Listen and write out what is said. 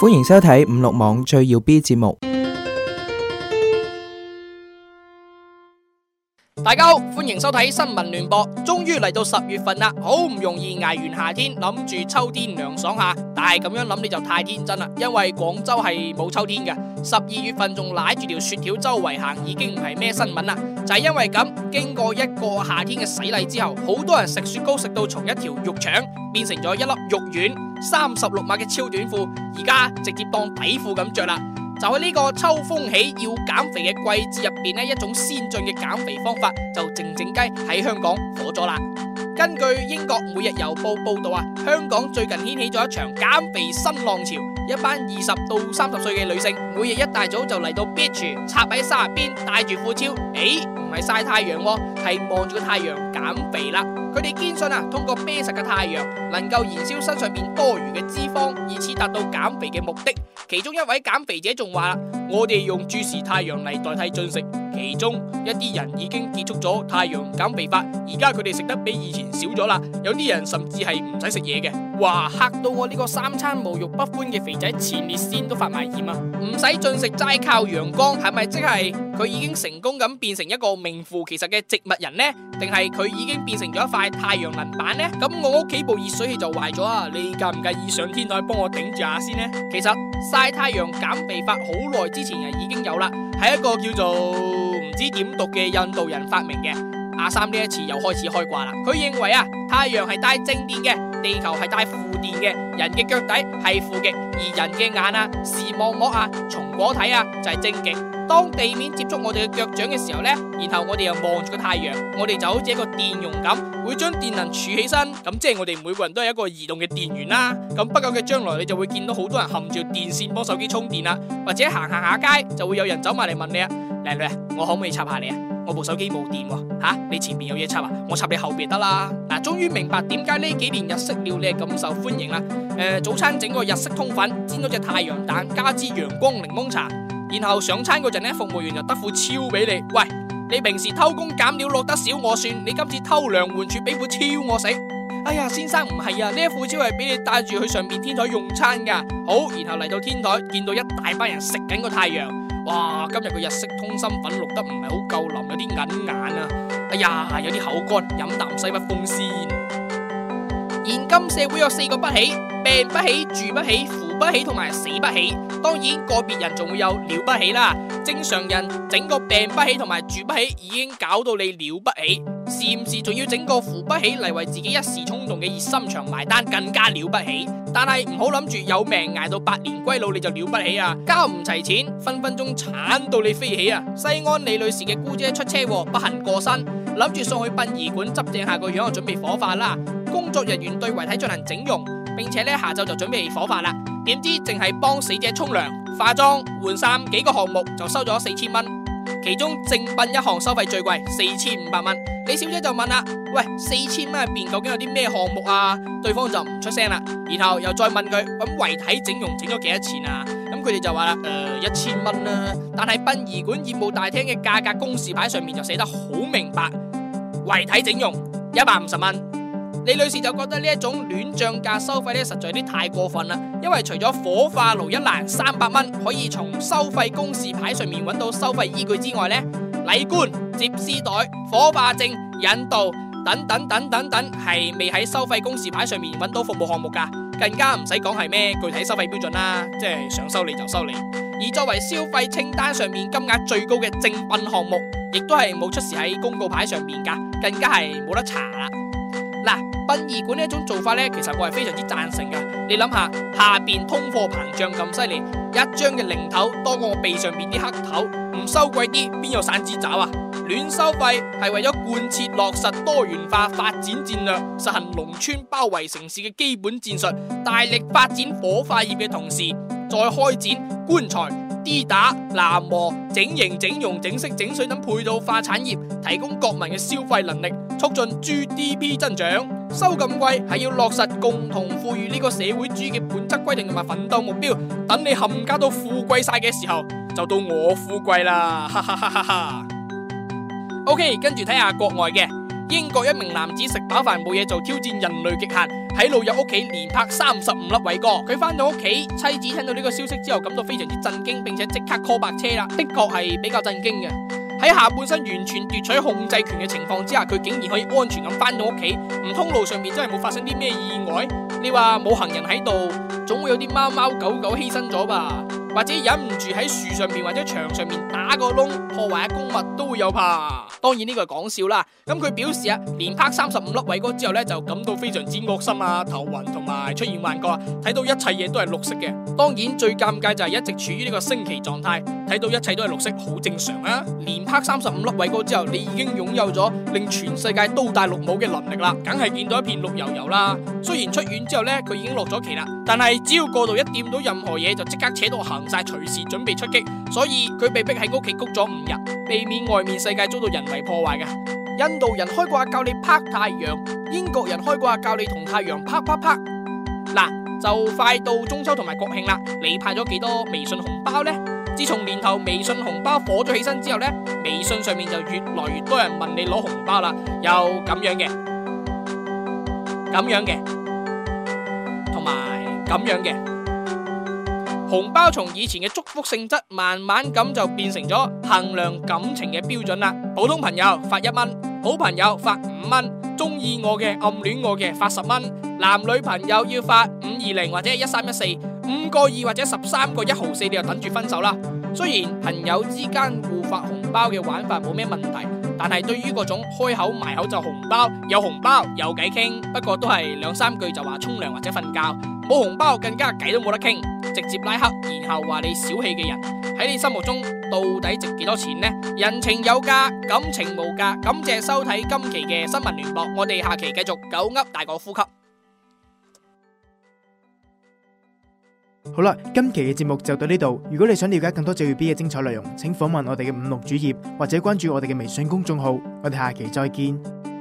歡迎收睇五六網最耀 B 節目。大家好，歡迎收睇新聞聯播。終於嚟到十月份啦，好唔容易挨完夏天，諗住秋天涼爽下，但係咁樣諗你就太天真啦，因為廣州係冇秋天嘅。十二月份仲賴住條雪條周圍行，已經唔係咩新聞啦。就係、是、因為咁，經過一個夏天嘅洗禮之後，好多人食雪糕食到從一條肉腸變成咗一粒肉丸，三十六碼嘅超短褲，而家直接當底褲咁着啦。就喺呢個秋風起要減肥嘅季節入面，一種先進嘅減肥方法就靜靜雞喺香港火咗啦。根據英國每日郵報報道啊，香港最近掀起咗一場減肥新浪潮，一班二十到三十歲嘅女性每日一大早就嚟到 beach 插喺沙邊，戴住副超，誒、欸，唔係曬太陽喎。係望住個太陽減肥啦！佢哋堅信啊，通過孭實嘅太陽能夠燃燒身上邊多餘嘅脂肪，以此達到減肥嘅目的。其中一位減肥者仲話：我哋用注視太陽嚟代替進食。其中一啲人已經結束咗太陽減肥法，而家佢哋食得比以前少咗啦。有啲人甚至係唔使食嘢嘅。哇，嚇到我呢個三餐無肉不歡嘅肥仔，前列腺都發埋炎啊！唔使進食齋靠陽光，係咪即係佢已經成功咁變成一個名副其實嘅植物人呢？定係佢已經變成咗一塊太陽能板呢？咁我屋企部熱水器就壞咗啊！你介唔介意上天台幫我頂住下先呢？其實曬太陽減肥法好耐之前就已經有啦，係一個叫做。唔知點讀嘅印度人發明嘅。阿三呢一次又開始開掛啦！佢認為啊，太陽係帶正電嘅，地球係帶負電嘅，人嘅腳底係負極，而人嘅眼啊、視網膜啊、從果體啊就係正極。當地面接觸我哋嘅腳掌嘅時候呢，然後我哋又望住個太陽，我哋就好似一個電容咁，會將電能儲起身。咁即係我哋每個人都有一個移動嘅電源啦。咁不久嘅將來，你就會見到好多人含住電線幫手機充電啦，或者行行下街就會有人走埋嚟問你啊。靚女，我可唔可以插下你啊？我部手機冇電喎，你前面有嘢插啊，我插你後面得啦。嗱，終於明白點解呢幾年日式料理咁受歡迎啦。呃，早餐整個日式通粉，煎咗隻太陽蛋，加支陽光檸檬茶，然後上餐嗰陣，服務員就得副超畀你。喂，你平時偷工減料落得少我算，你今次偷梁換柱俾副超我食。哎呀，先生唔係啊，呢副超係俾你帶住去上面天台用餐噶。好，然後嚟到天台見到一大班人食緊個太陽。哇！今日個日式通心粉淥得唔係好夠腍，有啲銀眼啊！哎呀，有啲口乾，飲啖西北風先。現今社會有四個不起：病不起、住不起、扶不起同埋死不起。當然個別人仲會有了不起啦。正常人整個病不起同埋住不起已經搞到你了不起，是不是？仲要整個扶不起嚟為自己一時衝動嘅熱心腸埋單，更加了不起。但係唔好諗住有命捱到百年歸老你就了不起啊！交唔齊錢，分分鐘慘到你飛起啊！西安李女士嘅姑姐出車禍、啊、不幸過身，諗住送去殯儀館執正下個樣，準備火化啦。工作人員對遺體進行整容，並且咧下晝就準備火化啦。點知淨係幫死者沖涼。化妝換衫幾個項目就收咗四千蚊，其中正殯一項收費最貴四千五百蚊。李小姐就問啦：，喂，四千蚊入面究竟有啲咩項目啊？對方就唔出聲啦。然後又再問佢，咁、嗯、遺體整容整咗幾多錢啊？咁佢哋就話啦：，一千蚊啦。但係殯儀館業務大廳嘅價格公示牌上面就寫得好明白，遺體整容一百五十蚊。李女士就覺得呢一種亂漲價收費咧，實在有啲太過分啦。因為除咗火化爐一欄三百蚊可以從收費公示牌上面揾到收費依據之外咧，禮官、接屍袋、火化證、引導等等等等等係未喺收費公示牌上面揾到服務項目噶，更加唔使講係咩具體收費標準啦。即係想收你就收你，而作為消費清單上面金額最高嘅正品項目，亦都係冇出示喺公告牌上面噶，更加係冇得查啦。殯儀館呢種做法呢，其實我係非常之贊成㗎。你諗下，下邊通貨膨脹咁犀利，一張嘅零頭多過我鼻上邊啲黑頭，唔收貴啲邊有散紙找啊？亂收費係為咗貫徹落實多元化發展戰略，實行農村包圍城市嘅基本戰術，大力發展火化業嘅同時，再開展棺材。醫打男和整形整容整色整水等配套化產業，提供國民嘅消費能力，促進 GDP 增長。收咁貴係要落實共同富裕呢個社會主義嘅本質規定同埋奮鬥目標。等你冚家都富貴晒嘅時候，就到我富貴啦！哈哈哈哈哈。OK，跟住睇下國外嘅。英國一名男子食飽飯冇嘢做，挑戰人類極限，喺老友屋企連拍三十五粒偉哥。佢翻到屋企，妻子聽到呢個消息之後，感到非常之震驚並且即刻 call 白車啦。的確係比較震驚嘅，喺下半身完全奪取控制權嘅情況之下，佢竟然可以安全咁翻到屋企，唔通路上面真係冇發生啲咩意外？你話冇行人喺度，總會有啲貓貓狗狗犧牲咗吧，或者忍唔住喺樹上面或者牆上面打個窿，破壞公物都會有怕。當然呢個係講笑啦，咁、嗯、佢表示啊，連拍三十五粒偉哥之後咧，就感到非常之惡心啊，頭暈同埋出現幻覺，睇到一切嘢都係綠色嘅。當然最尷尬就係一直處於呢個升旗狀態，睇到一切都係綠色，好正常啊。連拍三十五粒偉哥之後，你已經擁有咗令全世界都戴綠帽嘅能力啦，梗係見到一片綠油油啦。雖然出院之後咧，佢已經落咗旗啦，但係只要過到一掂到任何嘢，就即刻扯到行晒，隨時準備出擊。所以佢被迫喺屋企谷咗五日。避免外面世界遭到人為破壞嘅。印度人開掛教你啪太陽，英國人開掛教你同太陽啪啪啪。嗱，就快到中秋同埋國慶啦，你派咗幾多微信紅包呢？自從年頭微信紅包火咗起身之後呢，微信上面就越來越多人問你攞紅包啦，有咁樣嘅，咁樣嘅，同埋咁樣嘅。紅包從以前嘅祝福性質慢慢咁就變成咗衡量感情嘅標準啦。普通朋友發一蚊，好朋友發五蚊，中意我嘅暗戀我嘅發十蚊，男女朋友要發五二零或者一三一四，五個二或者十三個一毫四你就等住分手啦。雖然朋友之間互發紅包嘅玩法冇咩問題，但係對於嗰種開口埋口就紅包，有紅包有計傾，不過都係兩三句就話沖涼或者瞓覺，冇紅包更加計都冇得傾直接拉黑，然後話你小氣嘅人喺你心目中到底值幾多錢呢？人情有價，感情無價。感謝收睇今期嘅新聞聯播，我哋下期繼續九噏大過呼吸。好啦，今期嘅節目就到呢度。如果你想了解更多最耀 B 嘅精彩內容，請訪問我哋嘅五六主頁或者關注我哋嘅微信公眾號。我哋下期再見。